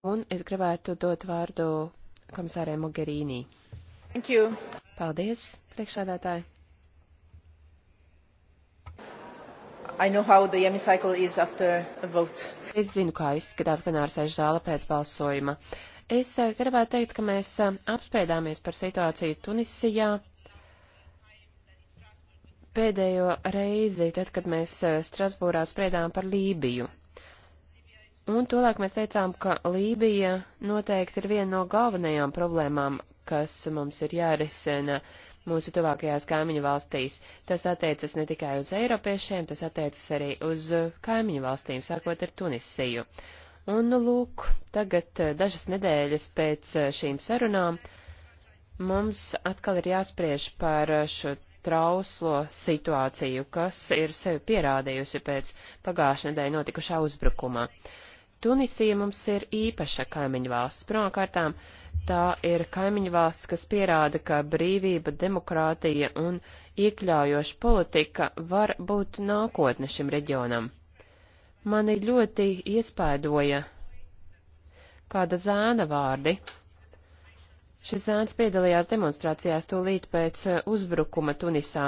Un es gribētu dot vārdu komisārē Mogherīnī. Thank you. Paldies, priekšādātāji. I know how the hemicycle is after a vote. Es zinu, kā izskatās plenārsēžu zāle pēc balsojuma. Es eh, gribētu teikt, ka mēs eh, apspēdāmies par situāciju Tunisijā pēdējo reizi, tad, kad mēs eh, Strasbūrā spriedām par Lībiju. Un tolaik mēs teicām, ka Lībija noteikti ir viena no galvenajām problēmām, kas mums ir jārisina mūsu tuvākajās kaimiņu valstīs. Tas attiecas ne tikai uz eiropiešiem, tas attiecas arī uz kaimiņu valstīm, sākot ar Tunisiju. Un, nu, lūk, tagad eh, dažas nedēļas pēc eh, šīm sarunām mums atkal ir jāspriež par eh, šo trauslo situāciju, kas ir sevi pierādījusi pēc pagājušajā nedēļā notikušā uzbrukumā. Uh, Tunisija mums ir īpaša kaimiņu valsts. Pirmkārtām, tā ir kaimiņu valsts, kas pierāda, ka brīvība, demokrātija un iekļaujoša politika var būt nākotne šim reģionam. Mani ļoti iespaidoja kāda zēna vārdi. Šis zēns piedalījās demonstrācijās tūlīt pēc eh, uzbrukuma Tunisā,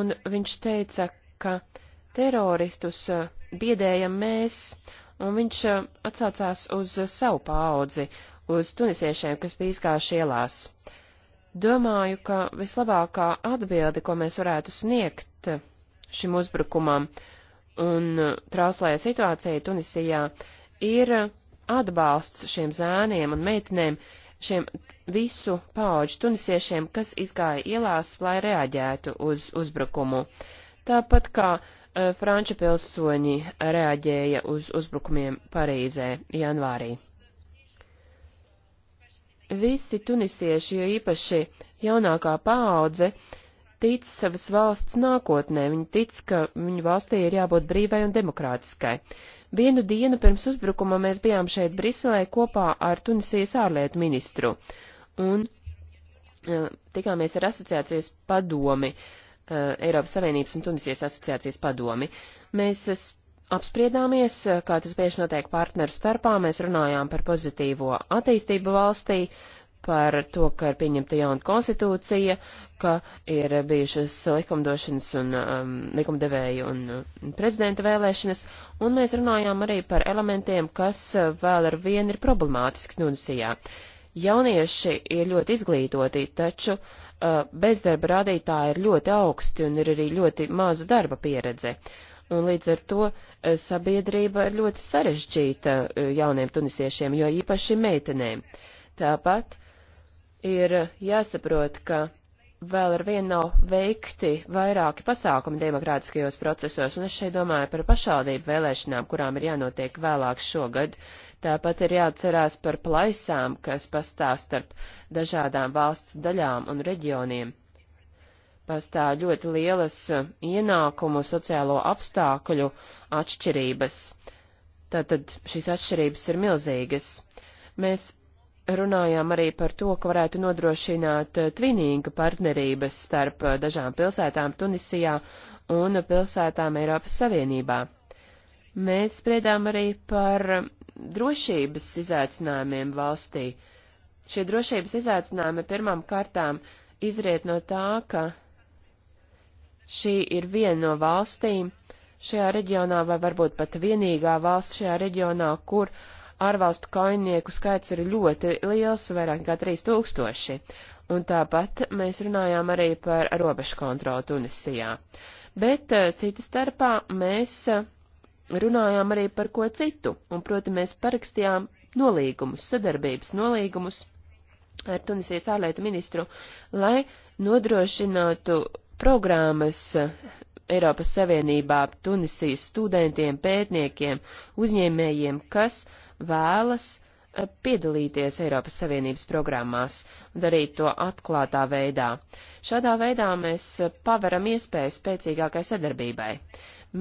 un viņš teica, ka teroristus eh, biedējam mēs, un viņš eh, atsaucās uz savu paudzi, uz tunisiešiem, kas bija izgājuši ielās. Domāju, ka vislabākā atbilde, ko mēs varētu sniegt eh, šim uzbrukumam un eh, trauslajai situācijai Tunisijā, ir atbalsts šiem zēniem un meitenēm, šiem visu pauģu tunisiešiem, kas izgāja ielās, lai reaģētu uz uzbrukumu. Tāpat kā uh, Eh, franču pilsoņi reaģēja uz uzbrukumiem Parīzē janvārī. Visi tunisieši, jo īpaši jaunākā paudze, tic savas valsts nākotnē, viņi tic, ka viņu valstī ir jābūt brīvai un demokrātiskai. Vienu dienu pirms uzbrukuma mēs bijām šeit Briselē kopā ar Tunisijas ārlietu ministru un eh, tikāmies ar asociācijas padomi. Uh, Eh, Eiropas Savienības un Tunisijas asociācijas padomi. Mēs eh, apspriedāmies, eh, kā tas bieži notiek partneru starpā, mēs runājām par pozitīvo attīstību valstī, par to, ka ir pieņemta jauna konstitūcija, ka ir bijušas likumdošanas un um, likumdevēju un um, prezidenta vēlēšanas, un mēs runājām arī par elementiem, kas vēl ar vienu ir problemātiski Tunisijā. Jaunieši ir ļoti izglītoti, taču uh, bezdarba rādītāji ir ļoti augsti un ir arī ļoti maza darba pieredze. Un līdz ar to uh, sabiedrība ir ļoti sarežģīta uh, jauniem tunisiešiem, jo īpaši meitenēm. Tāpat ir uh, jāsaprot, ka vēl ar vienu nav veikti vairāki pasākumi demokrātiskajos procesos, un es šeit domāju par pašvaldību vēlēšanām, kurām ir jānotiek vēlāk šogad. Tāpat ir jāatcerās par plaisām, kas pastāv starp dažādām valsts daļām un reģioniem. Pastāv ļoti lielas uh, ienākumu sociālo apstākļu atšķirības. Tātad šīs atšķirības ir milzīgas. Mēs runājām arī par to, ka varētu nodrošināt uh, tvinīgu partnerības starp uh, dažām pilsētām Tunisijā un pilsētām Eiropas Savienībā. Mēs spriedām arī par drošības izaicinājumiem valstī. Šie drošības izaicinājumi pirmām kārtām izriet no tā, ka šī ir viena no valstīm šajā reģionā, vai varbūt pat vienīgā valsts šajā reģionā, kur ārvalstu kaujinieku skaits ir ļoti liels, vairāk nekā 3000. Un tāpat mēs runājām arī par robežu kontroli Tunisijā. Bet eh, cita starpā mēs eh, runājām arī par ko citu, un proti mēs parakstījām nolīgumus, sadarbības nolīgumus ar Tunisijas ārlietu ministru, lai nodrošinātu programmas Eiropas Savienībā Tunisijas studentiem, pētniekiem, uzņēmējiem, kas vēlas eh, piedalīties Eiropas Savienības programmās un darīt to atklātā veidā. Šādā veidā mēs eh, paveram iespēju spēcīgākai sadarbībai.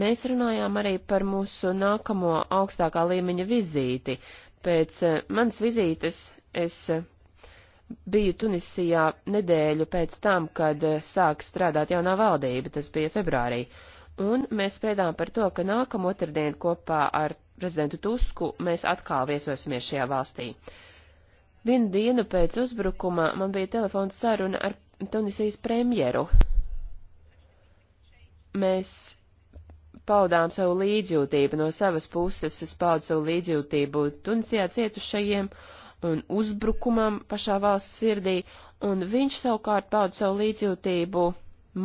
Mēs runājām arī par mūsu nākamo augstākā līmeņa vizīti. Pēc eh, manas vizītes es eh, biju Tunisijā nedēļu pēc tam, kad eh, sāk strādāt jaunā valdība, tas bija februārī, un mēs spriedām par to, ka nākamo otrdienu kopā ar prezidentu Tusku mēs atkal viesosimies šajā valstī. Vienu dienu pēc uzbrukuma man bija telefons saruna ar Tunisijas premjeru. Mēs paudām savu līdzjūtību. No savas puses es paudu savu līdzjūtību Tunisijā cietušajiem un uzbrukumam pašā valsts sirdī, un viņš savukārt paudu savu līdzjūtību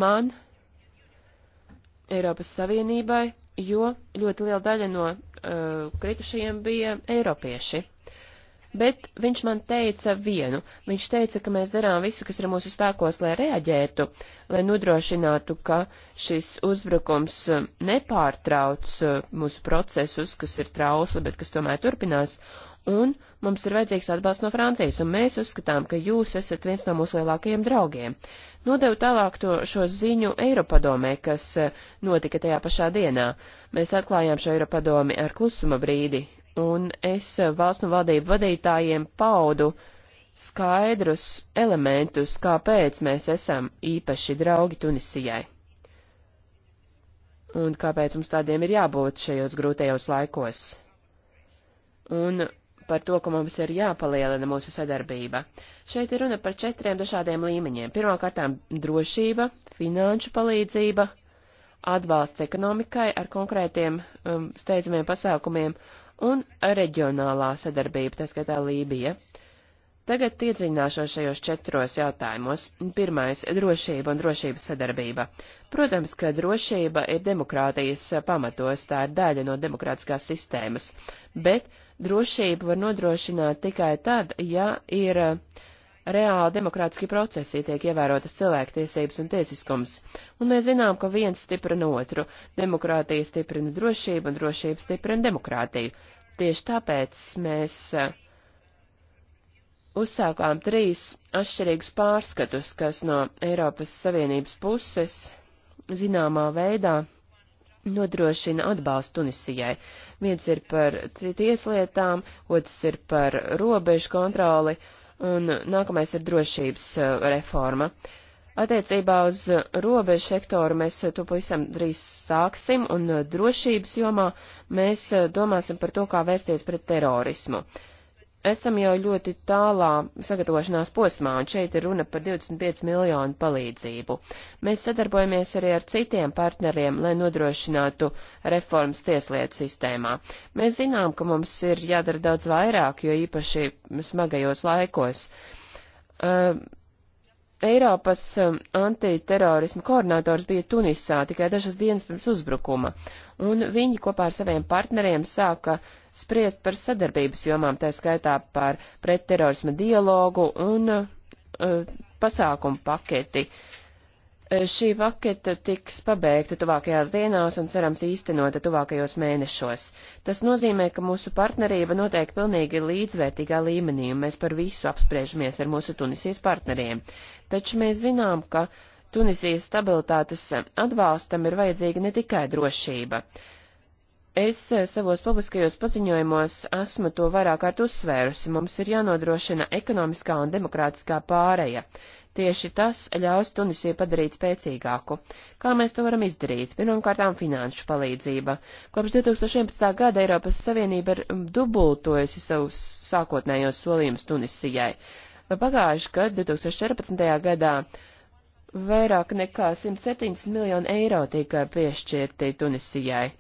man, Eiropas Savienībai, jo ļoti liela daļa no uh, kritušajiem bija eiropieši bet viņš man teica vienu. Viņš teica, ka mēs darām visu, kas ir mūsu spēkos, lai reaģētu, lai nodrošinātu, ka šis uzbrukums eh, nepārtrauc eh, mūsu procesus, kas ir trausli, bet kas tomēr turpinās, un mums ir vajadzīgs atbalsts no Francijas, un mēs uzskatām, ka jūs esat viens no mūsu lielākajiem draugiem. Nodevu tālāk to, šo ziņu Eiropadomē, kas eh, notika tajā pašā dienā. Mēs atklājām šo Eiropadomi ar klusuma brīdi, un es valstu un valdību vadītājiem paudu skaidrus elementus, kāpēc mēs esam īpaši draugi Tunisijai. Un kāpēc mums tādiem ir jābūt šajos grūtajos laikos. Un par to, ka mums ir jāpalielina mūsu sadarbība. Šeit ir runa par četriem dažādiem līmeņiem. Pirmkārtām drošība, finanšu palīdzība, atbalsts ekonomikai ar konkrētiem um, steidzamiem pasākumiem un reģionālā sadarbība, tā skaitā Lībija. Tagad iedziļināšos šajos četros jautājumos. Pirmais - drošība un drošības sadarbība. Protams, ka drošība ir demokrātijas pamatos, tā ir daļa no demokrātiskās sistēmas, bet drošību var nodrošināt tikai tad, ja ir uh, reāli demokrātiski procesi, tiek ievērotas cilvēktiesības un tiesiskums, un mēs zinām, ka viens stiprina otru - demokrātija stiprina drošību un drošība stiprina demokrātiju. Tieši tāpēc mēs eh, uzsākām trīs atšķirīgus pārskatus, kas no Eiropas Savienības puses zināmā veidā nodrošina atbalstu Tunisijai. Viens ir par tieslietām, otrs ir par robežu kontroli, uh, un nākamais ir drošības eh, reforma. Attiecībā uz robežu sektoru mēs eh, to pavisam drīz sāksim, un eh, drošības jomā mēs domāsim par to, kā vērsties pret terorismu. Uh, esam jau ļoti tālā sagatavošanās posmā, un šeit ir runa par 25 miljonu palīdzību. Mēs sadarbojamies arī ar citiem partneriem, lai nodrošinātu reformas tieslietu sistēmā. Mēs zinām, ka mums ir jādara daudz vairāk, jo īpaši smagajos laikos. Uh, Eiropas um, antiterorisma koordinators bija Tunisā tikai dažas dienas pirms uzbrukuma, un viņi kopā ar saviem partneriem sāka spriest par sadarbības jomām, tā skaitā par pretterorisma dialogu un uh, pasākumu paketi, uh, Šī paketa tiks pabeigta tuvākajās dienās un cerams īstenota tuvākajos mēnešos. Tas nozīmē, ka mūsu partnerība notiek pilnīgi līdzvērtīgā līmenī, un mēs par visu apspriežamies ar mūsu Tunisijas partneriem. Taču mēs zinām, ka Tunisijas stabilitātes atbalstam ir vajadzīga ne tikai drošība. Es savos publiskajos paziņojumos esmu to vairāk kārt uzsvērusi, mums ir jānodrošina ekonomiskā un demokrātiskā pāreja. Tieši tas ļaus Tunisiju padarīt spēcīgāku. Kā mēs to varam izdarīt? Pirmkārtām finanšu palīdzība. Kopš 2011. gada Eiropas Savienība ir dubultojusi savus sākotnējos solījumus Tunisijai. Pagājuši gadu, 2014. gadā, vairāk nekā 170 miljonu eiro tika piešķirti Tunisijai.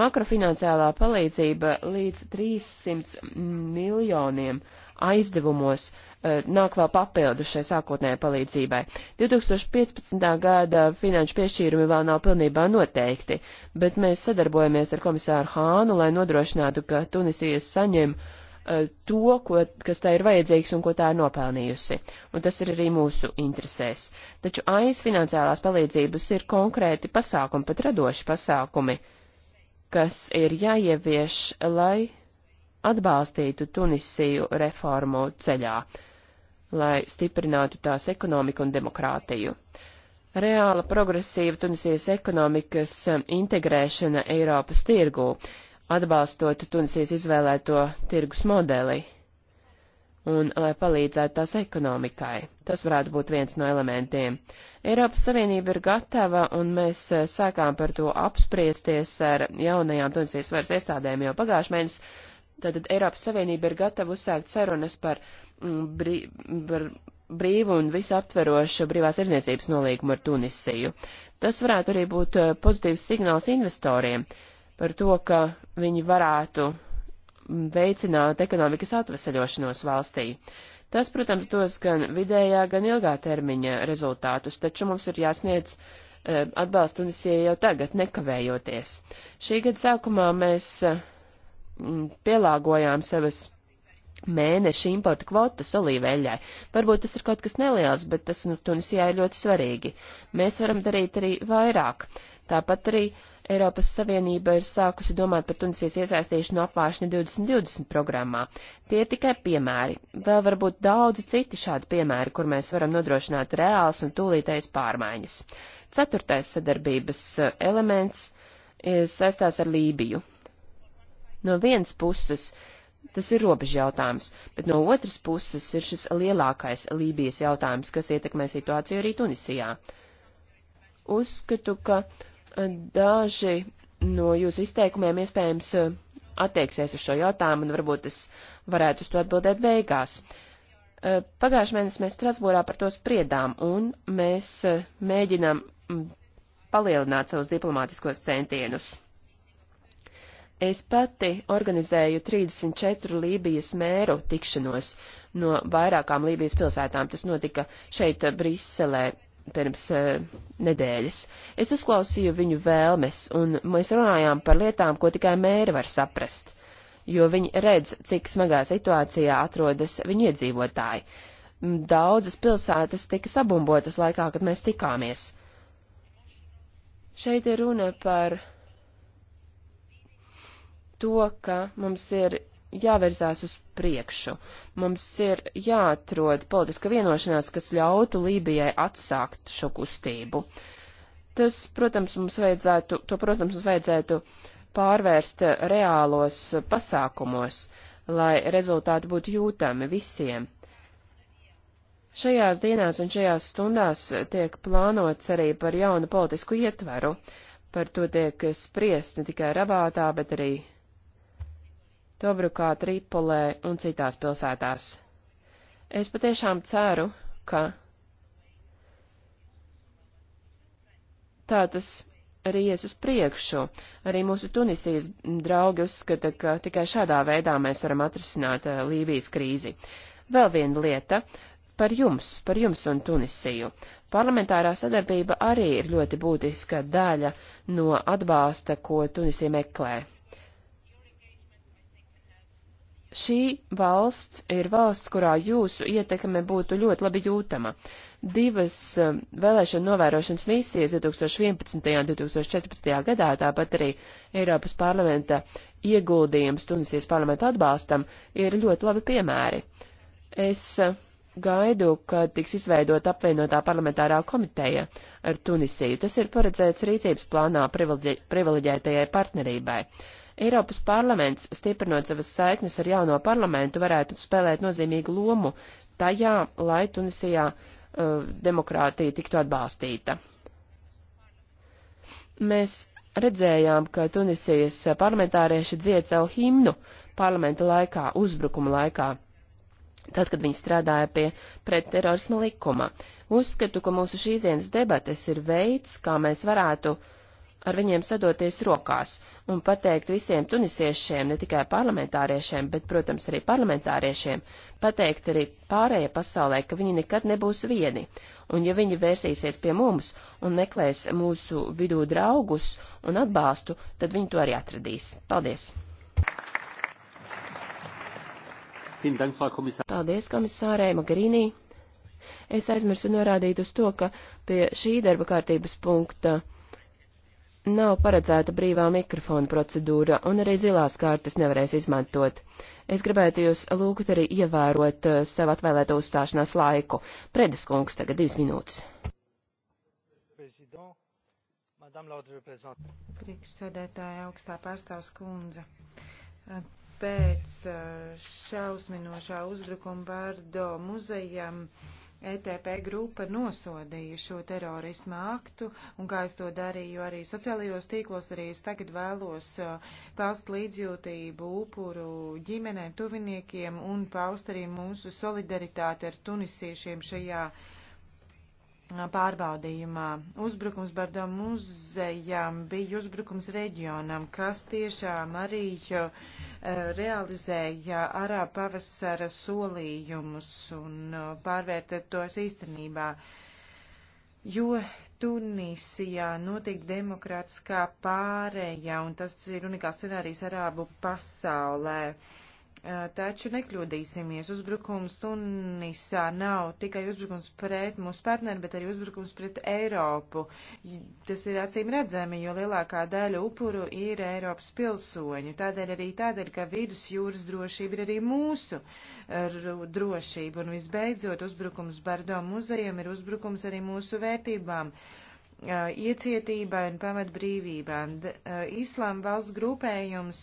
Makrofinanciālā palīdzība līdz 300 miljoniem eiro aizdevumos eh, nāk vēl papildu šai sākotnējai palīdzībai. 2015. gada finanšu piešķīrumi vēl nav pilnībā noteikti, bet mēs sadarbojamies ar komisāru Hānu, lai nodrošinātu, ka Tunisijas saņem eh, to, ko, kas tā ir vajadzīgs un ko tā ir nopelnījusi. Un tas ir arī mūsu interesēs. Taču aiz finansiālās palīdzības ir konkrēti pasākumi, pat radoši pasākumi, kas ir jāievieš, lai atbalstītu Tunisiju reformu ceļā, lai stiprinātu tās ekonomiku un demokrātiju. Reāla progresīva Tunisijas ekonomikas um, integrēšana Eiropas tirgū, atbalstot Tunisijas izvēlēto tirgus modeli un lai palīdzētu tās ekonomikai. Tas varētu būt viens no elementiem. Eiropas Savienība ir gatava, un mēs uh, sākām par to apspriesties ar jaunajām Tunisijas varas iestādēm jau pagājušajā mēnesī Tātad Eiropas Savienība ir gatava uzsākt sarunas par, mm, brī, par brīvu un visaptverošu brīvās aizniecības nolīgumu ar Tunisiju. Tas varētu arī būt eh, pozitīvs signāls investoriem par to, ka viņi varētu mm, veicināt ekonomikas atveseļošanos valstī. Tas, protams, dos gan vidējā, gan ilgā termiņa rezultātus, taču mums ir jāsniedz eh, atbalstu Tunisijai jau tagad, nekavējoties. Šī gada sākumā mēs eh, Mm, pielāgojām savas mēneša importa kvotas olīveļai. Varbūt tas ir kaut kas neliels, bet tas nu, Tunisijā ir ļoti svarīgi. Mēs varam darīt arī vairāk. Tāpat arī Eiropas Savienība ir sākusi domāt par Tunisijas iesaistīšanu apvāršņa 2020 programmā. Tie ir tikai piemēri. Vēl varbūt daudzi citi šādi piemēri, kur mēs varam nodrošināt reāls un tūlītējas pārmaiņas. Ceturtais sadarbības eh, elements eh, saistās ar Lībiju. No vienas puses tas ir robeža jautājums, bet no otras puses ir šis lielākais Lībijas jautājums, kas ietekmē situāciju arī Tunisijā. Uzskatu, ka eh, daži no jūsu izteikumiem iespējams eh, attieksies uz šo jautājumu, un varbūt es varētu uz to atbildēt beigās. Eh, pagājušajā mēnesī mēs Strasbūrā par to spriedām, un mēs mēģinām mm, palielināt savus diplomātiskos centienus. Es pati organizēju 34 Lībijas mēru tikšanos no vairākām Lībijas pilsētām. Tas notika šeit, eh, Briselē, pirms uh, nedēļas. Es uzklausīju viņu vēlmes, un mēs runājām par lietām, ko tikai mēri var saprast, jo viņi redz, cik smagā situācijā atrodas viņu iedzīvotāji. Daudzas pilsētas tika sabumbotas laikā, kad mēs tikāmies. Šeit ir runa par to, ka mums ir jāverzās uz priekšu. Mums ir jāatrod politiska vienošanās, kas ļautu Lībijai atsākt šo kustību. Tas, protams, mums vajadzētu, to, protams, mums vajadzētu pārvērst reālos pasākumos, lai rezultāti būtu jūtami visiem. Šajās dienās un šajās stundās tiek plānots arī par jaunu politisku ietveru. Par to tiek spriest ne tikai Rabātā, bet arī Tobrukā, Tripolē un citās pilsētās. Es patiešām ceru, ka tā tas arī ies uz priekšu. Arī mūsu Tunisijas draugi uzskata, ka tikai šādā veidā mēs varam atrisināt uh, Lībijas krīzi. Vēl viena lieta par jums, par jums un Tunisiju. Parlamentārā sadarbība arī ir ļoti būtiska daļa no atbalsta, ko Tunisija meklē. Šī valsts ir valsts, kurā jūsu ietekme būtu ļoti labi jūtama. Divas um, vēlēšana novērošanas misijas 2011. un 2014. gadā, tāpat arī Eiropas parlamenta ieguldījums Tunisijas parlamenta atbalstam, ir ļoti labi piemēri. Es uh, gaidu, ka tiks izveidot apvienotā parlamentārā komiteja ar Tunisiju. Tas ir paredzēts rīcības plānā privileģētajai partnerībai. Eiropas parlaments, stiprinot savas saiknes ar jauno parlamentu, varētu spēlēt nozīmīgu lomu tajā, lai Tunisijā uh, demokrātija tiktu atbalstīta. Mēs redzējām, ka Tunisijas parlamentārieši dzied savu himnu parlamenta laikā, uzbrukuma laikā, tad, kad viņi strādāja pie pretterorisma likuma. Uzskatu, ka mūsu šīs dienas debates ir veids, kā mēs varētu uh, ar viņiem sadoties rokās un pateikt visiem tunisiešiem, ne tikai parlamentāriešiem, bet, protams, arī parlamentāriešiem, pateikt arī pārējai pasaulē, ka viņi nekad nebūs vieni, un ja viņi vērsīsies pie mums un meklēs mūsu vidū draugus un atbalstu, tad viņi to arī atradīs. Paldies! Paldies, komisārē Magarīnī! Es aizmirsu norādīt uz to, ka pie šī darba kārtības punkta Nav paredzēta brīvā mikrofona procedūra, un arī zilās kārtas nevarēs izmantot. Es gribētu jūs lūgt arī ievērot uh, eh, sev atvēlēto uzstāšanās laiku. Predes kungs tagad divas minūtes. Priekšsēdētāja augstā pārstāvs kundze. Pēc uh, šausminošā uzbrukuma Bārdo muzejam. Uh, ETP grupa nosodīja šo terorismu aktu, un kā es to darīju arī sociālajos tīklos, arī es tagad vēlos paust līdzjūtību upuru ģimenēm, tuviniekiem un paust arī mūsu solidaritāti ar tunisiešiem šajā pārbaudījumā. Uzbrukums Bardo muzejam bija uzbrukums reģionam, kas tiešām arī realizēja arā pavasara solījumus un pārvērta tos īstenībā. Jo Tunisijā notiek demokrātiskā pārēja, un tas ir unikāls scenārijs arābu pasaulē. Uh, Eh, taču nekļūdīsimies. Uzbrukums Tunisā nav tikai uzbrukums pret mūsu partneri, bet arī uzbrukums pret Eiropu. Tas ir acīm redzami, jo lielākā daļa upuru ir Eiropas pilsoņu. Tādēļ arī tādēļ, ka vidus jūras drošība ir arī mūsu eh, drošība. Un visbeidzot, uzbrukums Bardo muzejam ir uzbrukums arī mūsu vērtībām. Uh, iecietībai un pamatbrīvībām. Īslām valsts grupējums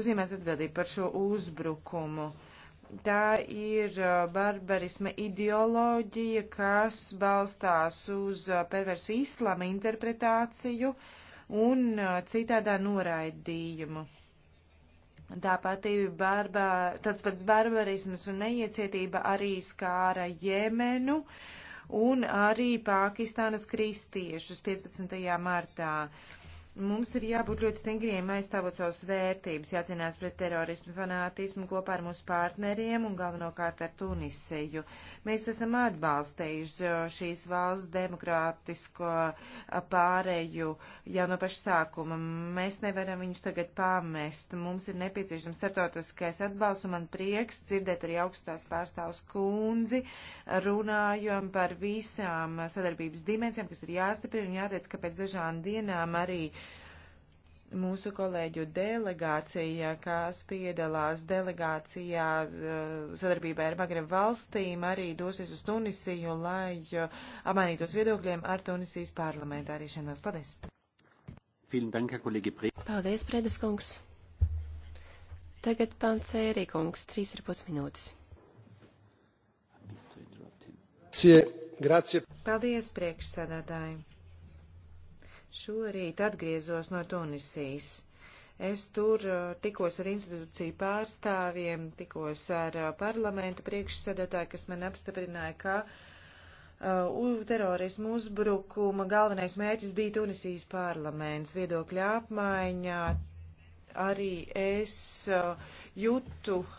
uzņemās atbildību par šo uzbrukumu. Tā ir barbarisma ideoloģija, kas balstās uz perversu islama interpretāciju un citādā noraidījumu. Tāpat ir barbā, tāds pats barbarisms un neiecietība arī skāra Jemenu. Uh, un arī Pakistānas kristiešus 15. martā. Uh, Mums ir jābūt ļoti stingriem aizstāvot savas vērtības, jācīnās pret terorismu, fanātismu kopā ar mūsu partneriem un galvenokārt ar Tunisiju. Mēs esam atbalstījuši uh, šīs valsts demokrātisko uh, pāreju jau no paša sākuma. Mēs nevaram viņus tagad pamest. Mums ir nepieciešams startautiskais atbalsts un man prieks dzirdēt arī augstās pārstāvs kundzi. Runājam par visām uh, sadarbības dimensijām, kas ir jāstiprina un jāteic, ka pēc dažām dienām arī mūsu kolēģu delegācija, kas piedalās delegācijā eh, sadarbībā ar Magreb valstīm, arī dosies uz Tunisiju, lai eh, apmainītos viedokļiem ar Tunisijas parlamentārišanos. Paldies! Paldies, Predes kungs! Tagad pants Ērīkungs, trīs ar pus minūtes. Grazie. Paldies, priekšsēdētāji! Šorīt atgriezos no Tunisijas. Es tur uh, tikos ar institūciju pārstāvjiem, tikos ar uh, parlamenta priekšsēdētāju, kas man apstiprināja, ka uh, terorismu uzbrukuma galvenais mērķis bija Tunisijas parlaments. Viedokļa apmaiņā arī es uh, jutu uh,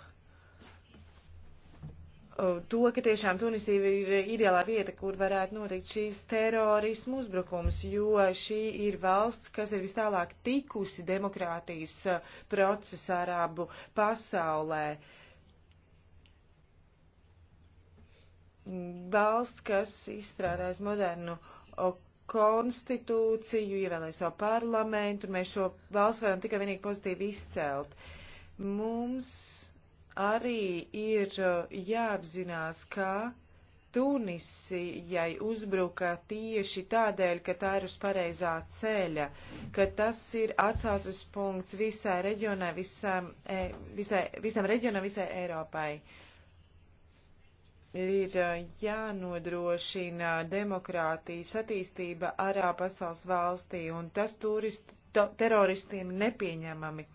Uh, to, ka tiešām Tunisija ir ideālā vieta, kur varētu notikt šīs terorismu uzbrukums, jo šī ir valsts, kas ir vistālāk tikusi demokrātijas uh, procesā arābu pasaulē. Valsts, kas izstrādājas modernu konstitūciju, ievēlēja savu parlamentu, un mēs šo valsts varam tikai vienīgi pozitīvi izcelt. Mums arī ir uh, jāapzinās, ka Tunisijai uzbruka tieši tādēļ, ka tā ir uz pareizā ceļa, ka tas ir atsaucas punkts visai reģionai, visam, e, visai, visam reģionam, visai Eiropai. Ir uh, jānodrošina demokrātijas attīstība arā pasaules valstī, un tas turist, to, teroristiem nepieņemami,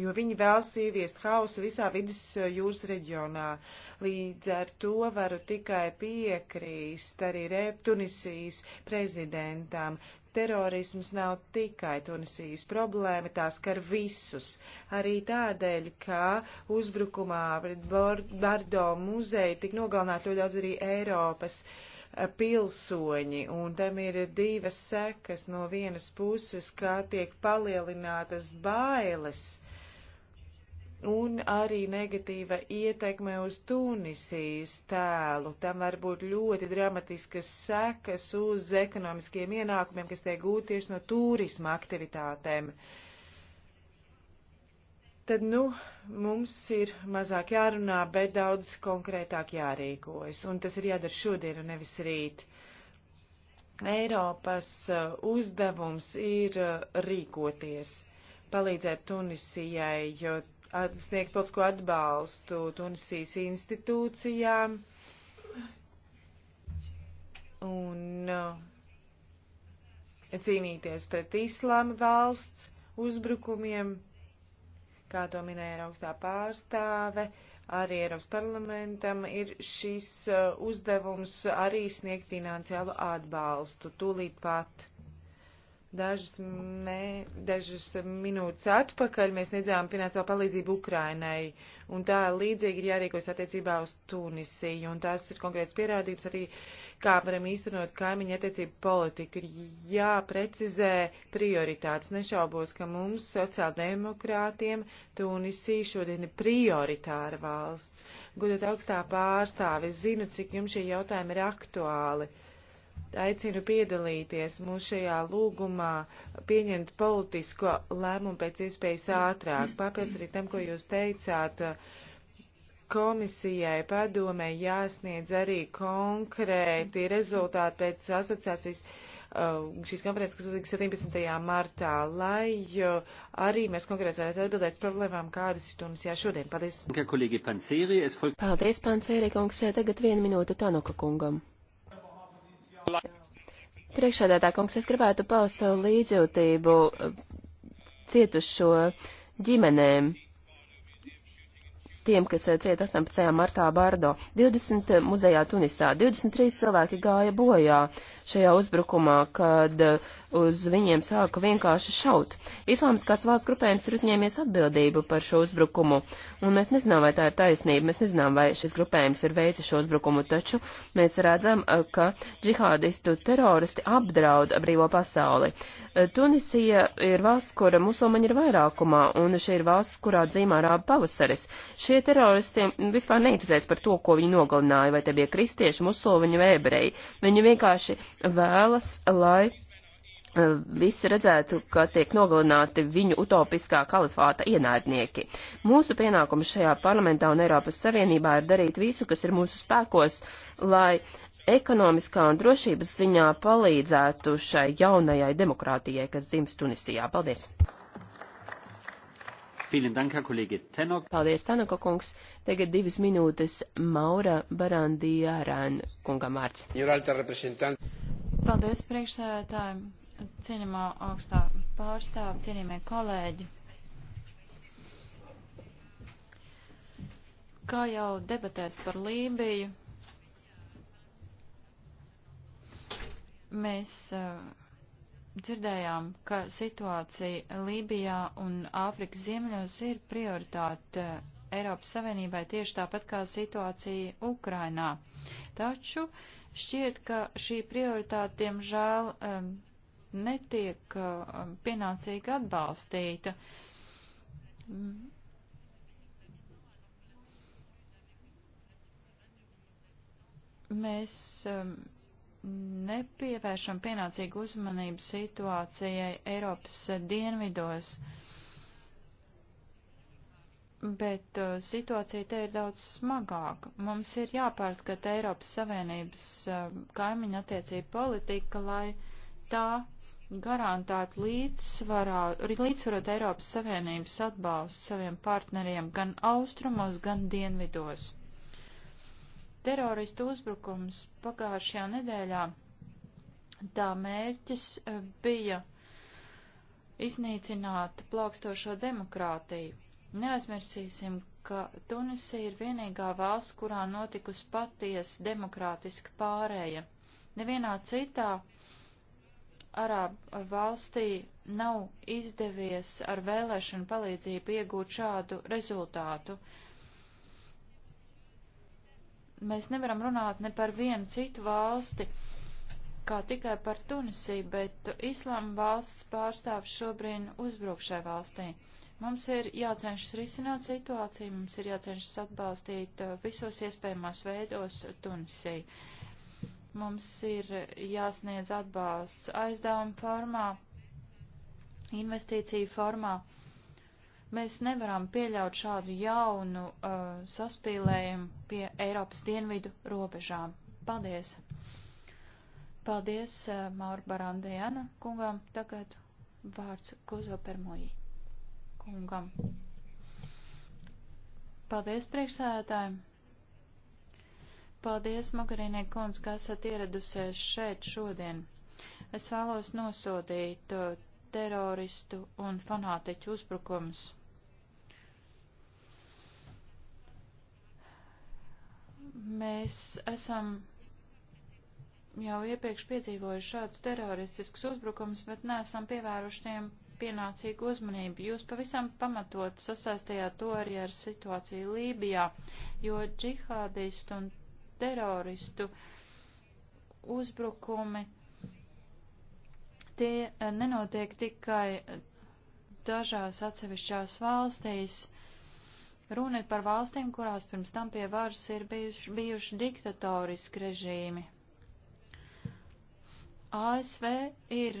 jo viņi vēlas ieviest hausu visā vidus eh, jūras reģionā. Līdz ar to varu tikai piekrīst arī Rep Tunisijas prezidentam. Terorisms nav tikai Tunisijas problēma, tās skar visus. Arī tādēļ, ka uzbrukumā pret Bardo muzeju tik nogalināt ļoti daudz arī Eiropas eh, pilsoņi, un tam ir divas sekas no vienas puses, kā tiek palielinātas bailes un arī negatīva ietekme uz Tunisijas tēlu. Tam var būt ļoti dramatiskas sekas uz ekonomiskiem ienākumiem, kas tiek gūti tieši no turisma aktivitātēm. Tad, nu, mums ir mazāk jārunā, bet daudz konkrētāk jārīkojas, un tas ir jādara šodien un nevis rīt. Eiropas uh, uzdevums ir uh, rīkoties, palīdzēt Tunisijai, jo sniegt politisko atbalstu Tunisijas institūcijām. Un uh, cīnīties pret islāma valsts uzbrukumiem, kā to minēja augstā pārstāve, arī Eiropas parlamentam ir šis uh, uzdevums arī sniegt finansiālu atbalstu tūlīt pat. Dažas, mē, dažas minūtes atpakaļ mēs nedzējām finansiālu palīdzību Ukrainai, un tā līdzīgi ir jārīkojas attiecībā uz Tunisiju, un tās ir konkrēts pierādījums arī, kā varam īstenot kaimiņa attiecību politiku. Ir jāprecizē prioritātes. Nešaubos, ka mums, sociāldemokrātiem, Tunisija šodien ir prioritāra valsts. Godot augstā pārstāve, es zinu, cik jums šie jautājumi ir aktuāli. Uh, aicinu piedalīties mūsu šajā lūgumā, pieņemt politisko lēmumu pēc iespējas ātrāk. Papildus arī tam, ko jūs teicāt, komisijai padomē jāsniedz arī konkrēti rezultāti pēc asociācijas uh, šīs konferences, kas uzlika 17. martā, lai uh, arī mēs konkrēti varētu atbildēt problēmām, kādas ir Tunisijā šodien. Paldies. Paldies, Pansēri, kungs. Tagad viena minūte Tanoka kungam. Priekšādātā kungs, es gribētu paust savu līdzjūtību eh, cietušo ģimenēm, tiem, kas eh, cieta 18. martā Bardo. 20 muzejā Tunisā, 23 cilvēki gāja bojā. Uh, šajā uzbrukumā, kad uh, uz viņiem sāka vienkārši šaut. Islāmiskās valsts grupējums ir uzņēmies atbildību par šo uzbrukumu, un mēs nezinām, vai tā ir taisnība, mēs nezinām, vai šis grupējums ir veicis šo uzbrukumu, taču mēs redzam, uh, ka džihādistu teroristi apdraud brīvo pasauli. Uh, Tunisija ir valsts, kura musulmaņi ir vairākumā, un šī ir valsts, kurā dzīmā rāba pavasaris. Šie teroristi vispār neinteresēs par to, ko viņi nogalināja, vai te bija kristieši, musulmaņi vai ebreji. Viņi vienkārši vēlas, lai e, visi redzētu, ka tiek nogalināti viņu utopiskā kalifāta ienaidnieki. Mūsu pienākums šajā parlamentā un Eiropas Savienībā ir darīt visu, kas ir mūsu spēkos, lai ekonomiskā un drošības ziņā palīdzētu šai jaunajai demokrātijai, kas dzimst Tunisijā. Paldies! Paldies, Tanaka kungs. Tagad divas minūtes Maura Barandijārāna kungam vārds. Paldies priekšsēdētājiem, cienījumā augstā pārstāva, cienījumie kolēģi. Kā jau debatēs par Lībiju, mēs uh, dzirdējām, ka situācija Lībijā un Āfrikas ziemeļos ir prioritāte Eiropas Savienībai tieši tāpat kā situācija Ukrainā. Taču uh, Šķiet, ka šī prioritāte, diemžēl, netiek eh, pienācīgi atbalstīta. Mēs nepievēršam pienācīgu uzmanību situācijai Eiropas dienvidos. Uh, Bet uh, situācija te ir daudz smagāka. Mums ir jāpārskata Eiropas Savienības uh, kaimiņa attiecība politika, lai tā garantētu līdzsvarot Eiropas Savienības atbalstu saviem partneriem gan austrumos, gan dienvidos. Teroristu uzbrukums pagājušajā nedēļā tā mērķis uh, bija iznīcināt plaukstošo demokrātiju Neaizmirsīsim, ka Tunisija ir vienīgā valsts, kurā notikusi patiesa demokrātiska pārēja. Nevienā citā Arābu valstī nav izdevies ar vēlēšanu palīdzību iegūt šādu rezultātu. Mēs nevaram runāt ne par vienu citu valsti, kā tikai par Tunisiju, bet Islāma valsts pārstāvs šobrīd uzbruk šai valstī. Mums ir jācenšas risināt situāciju, mums ir jācenšas atbalstīt uh, visos iespējamās veidos Tunisiju. Mums ir jāsniedz atbalsts aizdevuma formā, investīciju formā. Mēs nevaram pieļaut šādu jaunu uh, saspīlējumu pie Eiropas dienvidu robežām. Paldies! Paldies uh, eh, Maur Barandijana kungam. Tagad vārds Kuzo Permoji kungam. Paldies priekšsēdētājiem. Paldies, Magarīnē kundz, ka esat ieradusies šeit šodien. Es vēlos nosodīt eh, teroristu un fanātiķu uzbrukums. Mēs esam jau iepriekš piedzīvojuši šādus teroristiskus uzbrukumus, bet neesam pievēruši tiem pienācīgu uzmanību. Jūs pavisam pamatot sasaistījāt to arī ar situāciju Lībijā, jo džihādistu un teroristu uzbrukumi tie eh, nenotiek tikai dažās atsevišķās valstīs. Runa ir par valstīm, kurās pirms tam pie varas ir bijuši, bijuši diktatoriski režīmi. ASV ir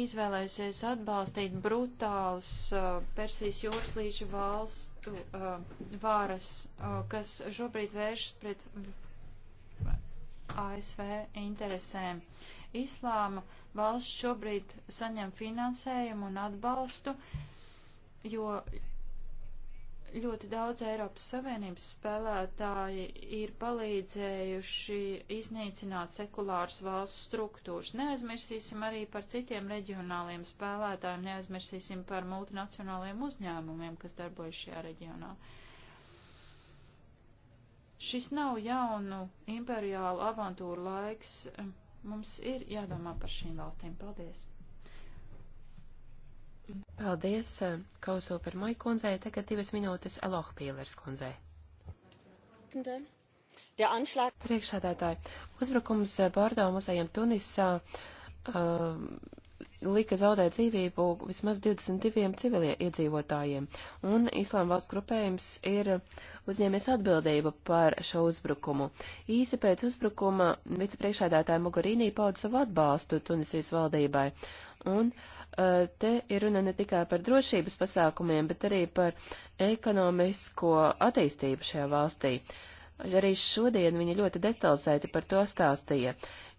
izvēlējusies atbalstīt brutāls uh, Persijas jūras līča valstu uh, vāras, uh, kas šobrīd vēršas pret ASV interesēm. Islāma valsts šobrīd saņem finansējumu un atbalstu, jo ļoti daudz Eiropas Savienības spēlētāji ir palīdzējuši iznīcināt sekulāras valsts struktūras. Neaizmirsīsim arī par citiem reģionāliem spēlētājiem, neaizmirsīsim par multinacionāliem uzņēmumiem, kas darbojas šajā reģionā. Šis nav jaunu imperiālu avantūru laiks. Mums ir jādomā par šīm valstīm. Paldies! Paldies, eh, Kauso par Mai kundzei. Tagad divas minūtes Alohpīlers kundzei. Priekšādātāji, uzbrukums eh, Bordo muzejam Tunisā. Uh, lika zaudēt dzīvību vismaz 22 civilie iedzīvotājiem, un Islāma valsts grupējums ir uzņēmies atbildību par šo uzbrukumu. Īsi pēc uzbrukuma vicepriekšādātāja Mogurīnī pauda savu atbalstu Tunisijas valdībai, un uh, te ir runa ne tikai par drošības pasākumiem, bet arī par ekonomisko attīstību šajā valstī. Uh, arī šodien viņa ļoti detalizēti par to stāstīja.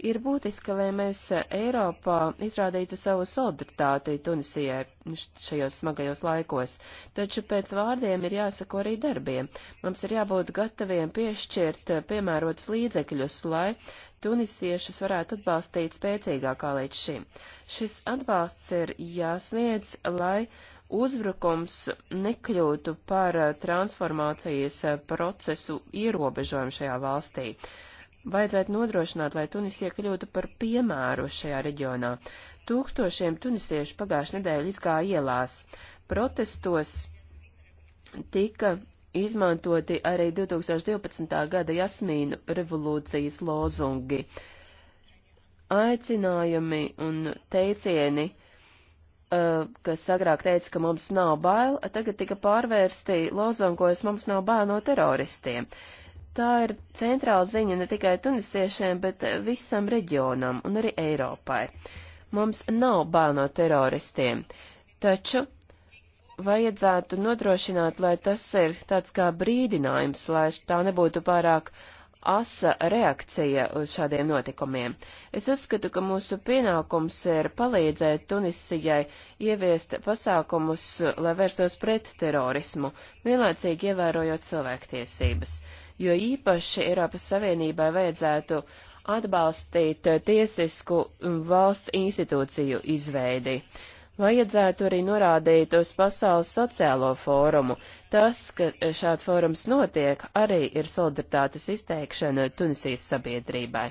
Ir būtiski, lai mēs Eiropā izrādītu savu solidaritāti Tunisijai šajos smagajos laikos, taču pēc vārdiem ir jāsako arī darbiem. Mums ir jābūt gataviem piešķirt eh, piemērotus līdzekļus, lai tunisiešus varētu atbalstīt spēcīgākā līdz šim. Šis atbalsts ir jāsniedz, lai uh, uzbrukums nekļūtu par eh, transformācijas eh, procesu ierobežojumu šajā valstī. Vajadzētu nodrošināt, lai Tunisija kļūtu par piemēru šajā reģionā. Tūkstošiem tunisiešu pagājušajā nedēļā izgāja ielās. Protestos tika izmantoti arī 2012. gada jasmīnu revolūcijas lozungi. Aicinājumi un teicieni Eh, kas agrāk teica, ka mums nav bail, tagad tika pārvērsti lozongos mums nav bail no teroristiem. Tā ir centrāla ziņa ne tikai tunisiešiem, bet eh, visam reģionam un arī Eiropai. Mums nav bail no teroristiem, taču vajadzētu nodrošināt, lai tas ir tāds kā brīdinājums, lai tā nebūtu pārāk uh, asa reakcija uz šādiem notikumiem. Es uzskatu, ka mūsu pienākums ir palīdzēt Tunisijai ieviest pasākumus, lai vērstos pret terorismu, vienlaicīgi ievērojot cilvēktiesības, jo īpaši Eiropas Savienībai vajadzētu atbalstīt tiesisku valsts institūciju izveidi. Uh, Vajadzētu arī norādīt uz Pasaules sociālo fórumu. Tas, ka šāds fórums notiek, arī ir solidaritātes izteikšana Tunisijas sabiedrībai.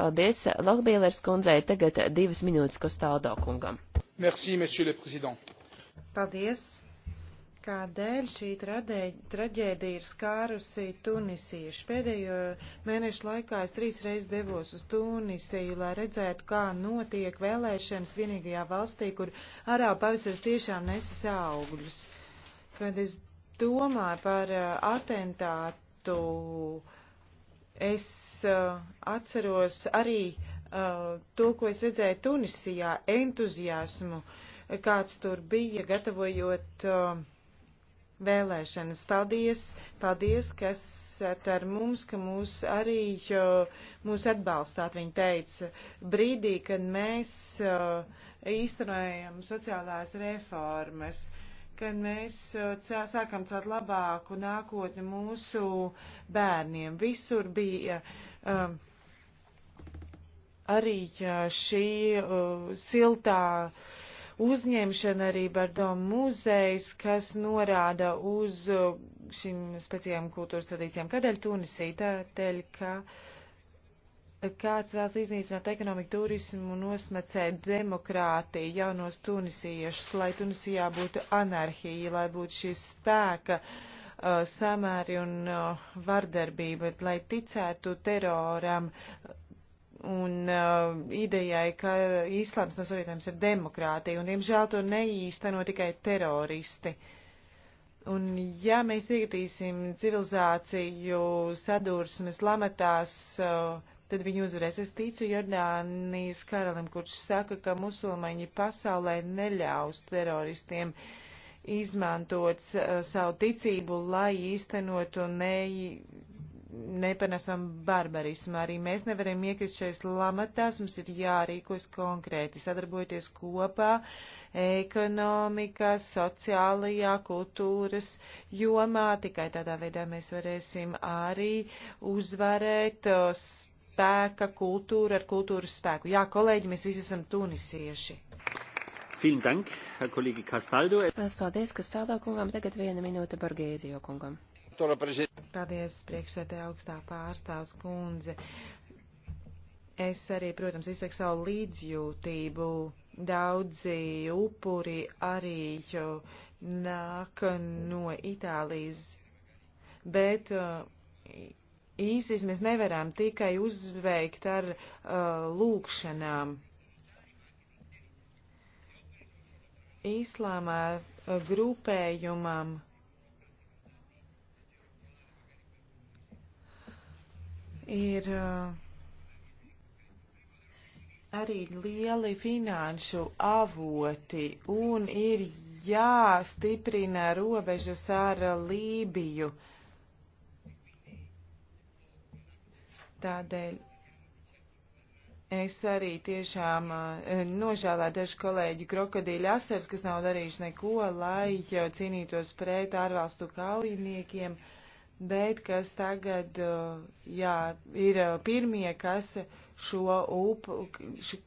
Paldies, Lokbīlers kundzei, tagad divas minūtes Kostaldo kungam. Merci, Paldies, Kādēļ šī traģēdija ir skārusi tunisiešu? Pēdējo mēnešu laikā es trīs reizes devos uz Tunisiju, lai redzētu, kā notiek vēlēšanas vienīgajā valstī, kur arā pavasars tiešām nesas augļus. Kad es domāju par uh, atentātu, es uh, atceros arī uh, to, ko es redzēju Tunisijā, entuziasmu, kāds tur bija, gatavojot uh, vēlēšanas. Paldies, paldies, kas esat ar mums, ka mūs arī mūs atbalstāt, viņa teica, brīdī, kad mēs eh, īstenojam sociālās reformas, kad mēs eh, sākam celt labāku nākotni mūsu bērniem. Visur bija eh, arī šī siltā uzņemšana arī Bardo muzejs, kas norāda uz uh, šīm speciālajām kultūras tradīcijām. Kādēļ Tunisī? Tādēļ, ka kāds vēlas iznīcināt ekonomiku turismu un nosmacēt demokrātiju jaunos tunisiešus, lai Tunisijā būtu anarhija, lai būtu šis spēka uh, samēri un uh, vardarbība, lai ticētu teroram, un uh, idejai, ka islāms no savietojums ir demokrātija, un, diemžēl, to neīsteno tikai teroristi. Un, ja mēs iegatīsim civilizāciju sadursmes lamatās, uh, tad viņi uzvarēs. Es ticu Jordānijas karalim, kurš saka, ka musulmaņi pasaulē neļaus teroristiem izmantot uh, savu ticību, lai īstenotu ne nepanesam barbarismu. Arī mēs nevaram iekrist šais lamatās, mums ir jārīkos konkrēti, sadarbojoties kopā ekonomikā, sociālajā, kultūras jomā. Tikai tādā veidā mēs varēsim arī uzvarēt spēka kultūru ar kultūras spēku. Jā, kolēģi, mēs visi esam tunisieši. Paldies, Kastaldo kungam. Tagad viena minūte Borgēzijo kungam alto reprezentante. Paldies, priekšsēdē augstā pārstāvs kundze. Es arī, protams, izsaku savu līdzjūtību. Daudzi upuri arī nāk no Itālijas, bet uh, īsīs mēs nevaram tikai uzveikt ar uh, lūkšanām. Īslāmā uh, grupējumam ir uh, arī lieli finanšu avoti un ir jāstiprina robežas ar Lībiju. Tādēļ es arī tiešām uh, nožēlēju dažu kolēģi krokodīļu asars, kas nav darījuši neko, lai uh, cīnītos pret ārvalstu kaujiniekiem. Uh, bet kas tagad uh, jā, ir uh, pirmie, kas šo, upu,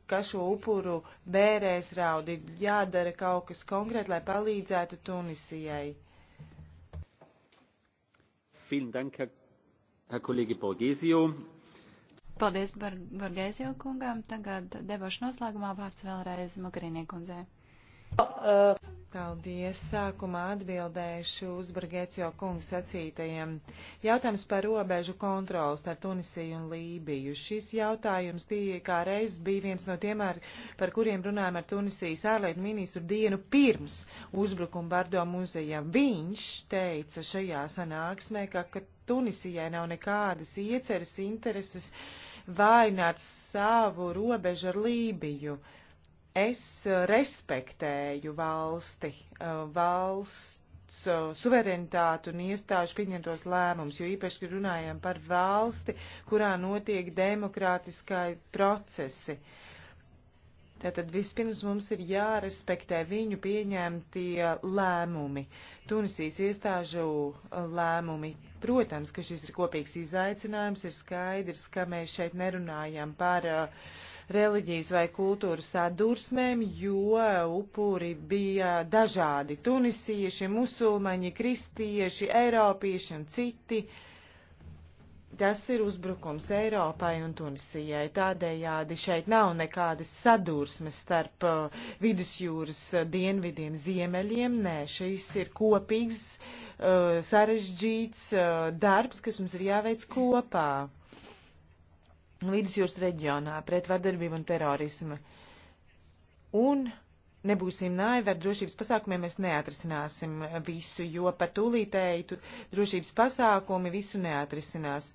kas šo upuru bērēs raudi. Jādara kaut kas konkrēti, lai palīdzētu Tunisijai. Dank, Herr Kollege Borgesio. Paldies Bar Borgesio kungām. Tagad debašu noslēgumā vārds vēlreiz Mogherini kundzei. Uh, Paldies. Sākumā atbildēšu uz Bargēcio kungu sacītajiem. Jautājums par robežu kontroli starp Tunisiju un Lībiju. Šis jautājums kā reiz bija viens no tiem, ar, par kuriem runājām ar Tunisijas ārlietu ministru dienu pirms uzbrukuma Bardo muzejam. Viņš teica šajā sanāksmē, ka, ka Tunisijai nav nekādas ieceres intereses vainot savu robežu ar Lībiju. Uh, Es eh, respektēju valsti, eh, valsts eh, suverenitātu un iestāžu pieņemtos lēmumus, jo īpaši, kad runājam par valsti, kurā notiek demokrātiskai procesi. Tātad vispirms mums ir jārespektē viņu pieņemtie lēmumi, Tunisijas iestāžu lēmumi. Protams, ka šis ir kopīgs izaicinājums, ir skaidrs, ka mēs šeit nerunājam par uh, reliģijas vai kultūras sadursmēm, jo upuri bija dažādi - tunisieši, musulmaņi, kristieši, eiropieši un citi. Tas ir uzbrukums Eiropai un Tunisijai. Tādējādi šeit nav nekādas sadursmes starp uh, vidusjūras dienvidiem, ziemeļiem. Nē, šis ir kopīgs, uh, sarežģīts uh, darbs, kas mums ir jāveic kopā vidusjūras reģionā pret vardarbību un terorismu. Un nebūsim naivi, ar drošības pasākumiem mēs neatrisināsim visu, jo pat tūlītēji tu, drošības pasākumi visu neatrisinās.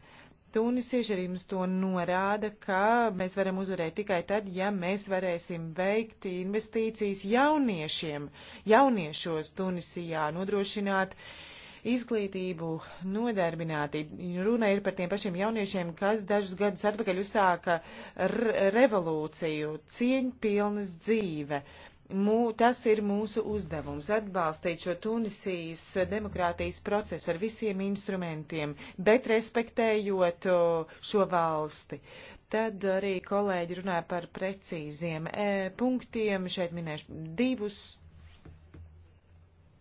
Tunisieši arī mums to norāda, ka mēs varam uzvarēt tikai tad, ja mēs varēsim veikt investīcijas jauniešiem, jauniešos Tunisijā, nodrošināt uh, izglītību, nodarbinātību. Runa ir par tiem pašiem jauniešiem, kas dažus gadus atpakaļ uzsāka revolūciju, cieņpilnas dzīve. Mū, tas ir mūsu uzdevums - atbalstīt šo Tunisijas demokrātijas procesu ar visiem instrumentiem, bet respektējot šo valsti. Tad arī kolēģi runāja par precīziem e, punktiem. Šeit minēšu divus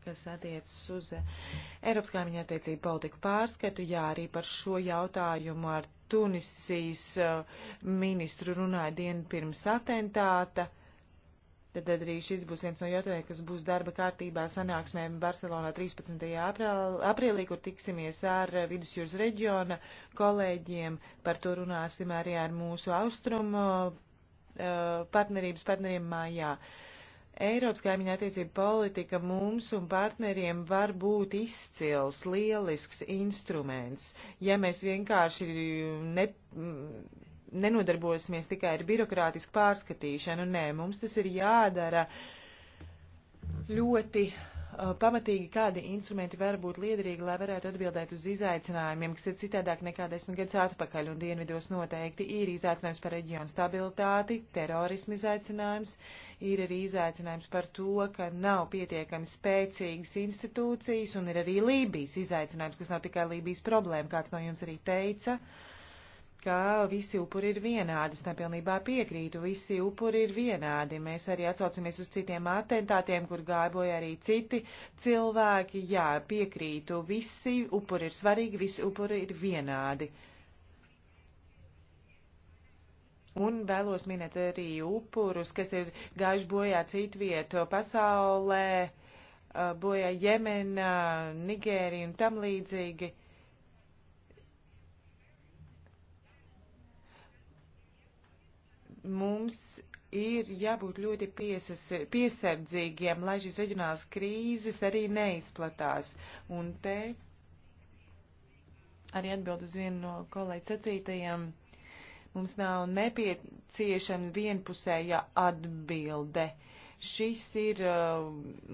kas attiecas uz eh, Eiropas kaimiņa attiecību politiku pārskatu. Jā, arī par šo jautājumu ar Tunisijas eh, ministru runāja dienu pirms atentāta. Tad arī šis būs viens no jautājumiem, kas būs darba kārtībā sanāksmē Barcelonā 13. aprīlī, kur tiksimies ar eh, vidusjūras reģiona kolēģiem. Par to runāsim arī ar mūsu austrumu partnerības partneriem mājā. Uh, Eiropas kaimiņa attiecība politika mums un partneriem var būt izcils, lielisks instruments, ja mēs vienkārši ne, nenodarbosimies tikai ar birokrātisku pārskatīšanu. Nē, mums tas ir jādara ļoti pamatīgi, kādi instrumenti var būt liederīgi, lai varētu atbildēt uz izaicinājumiem, kas ir citādāk nekā desmit gadus atpakaļ, un dienvidos noteikti ir izaicinājums par reģionu stabilitāti, terorismu izaicinājums, ir arī izaicinājums par to, ka nav pietiekami spēcīgas institūcijas, un ir arī Lībijas izaicinājums, kas nav tikai Lībijas problēma, kāds no jums arī teica. Uh, ka visi upuri ir vienādi. Es tam pilnībā piekrītu. Visi upuri ir vienādi. Mēs arī atsaucamies uz citiem atentātiem, kur gāboja arī citi cilvēki. Jā, piekrītu. Visi upuri ir svarīgi, visi upuri ir vienādi. Un vēlos minēt arī upurus, kas ir gājuši bojā citvietu pasaulē, bojā Jemenā, Nigērija un tam līdzīgi. Uh, mums ir jābūt ļoti piesas, piesardzīgiem, lai šīs reģionālās krīzes arī neizplatās. Un te arī atbild uz vienu no kolēģi sacītajiem. Mums nav nepieciešama vienpusēja atbilde. Uh, Šis ir uh,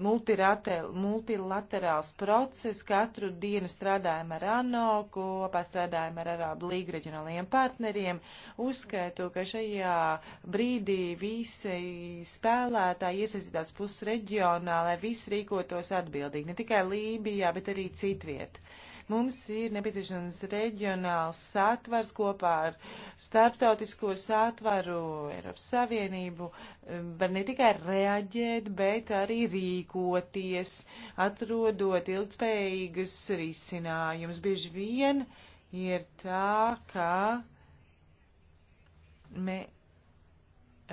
multilaterāls process. Katru dienu strādājam ar ANO, kopā strādājam ar Arābu līgu reģionālajiem partneriem. Uzskaitu, ka šajā brīdī visi spēlētāji iesaistītās puses reģionā, lai visi rīkotos atbildīgi, ne tikai Lībijā, bet arī citviet. Uh, Mums ir nepieciešams reģionāls satvars kopā ar starptautisko satvaru Eiropas Savienību, um, var ne tikai reaģēt, bet arī rīkoties, atrodot ilgspējīgus risinājumus. Bieži vien ir tā, ka. Me,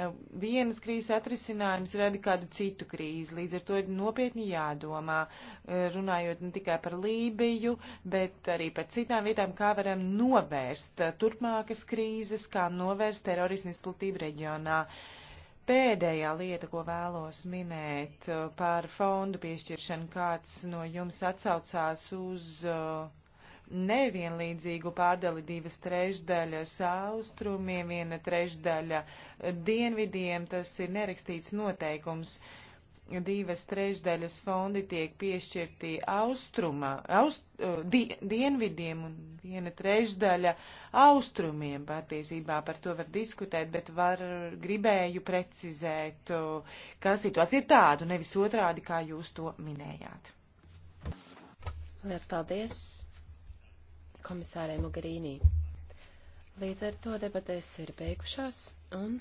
Eh, vienas krīzes atrisinājums rada kādu citu krīzi. Līdz ar to ir nopietni jādomā, eh, runājot ne tikai par Lībiju, bet arī par citām vietām, kā varam novērst eh, turpmākas krīzes, kā novērst terorismu izplatību reģionā. Pēdējā lieta, ko vēlos minēt par fondu piešķiršanu, kāds no jums atsaucās uz uh, nevienlīdzīgu pārdali divas trešdaļas austrumiem, viena trešdaļa dienvidiem. Tas ir nerakstīts noteikums. Divas trešdaļas fondi tiek piešķirti austruma, aust, di, dienvidiem un viena trešdaļa austrumiem. Patiesībā par to var diskutēt, bet var gribēju precizēt, ka situācija ir tāda, nevis otrādi, kā jūs to minējāt. Lielas paldies! komisārai Mugarīnī. Līdz ar to debatēs ir beigušās un.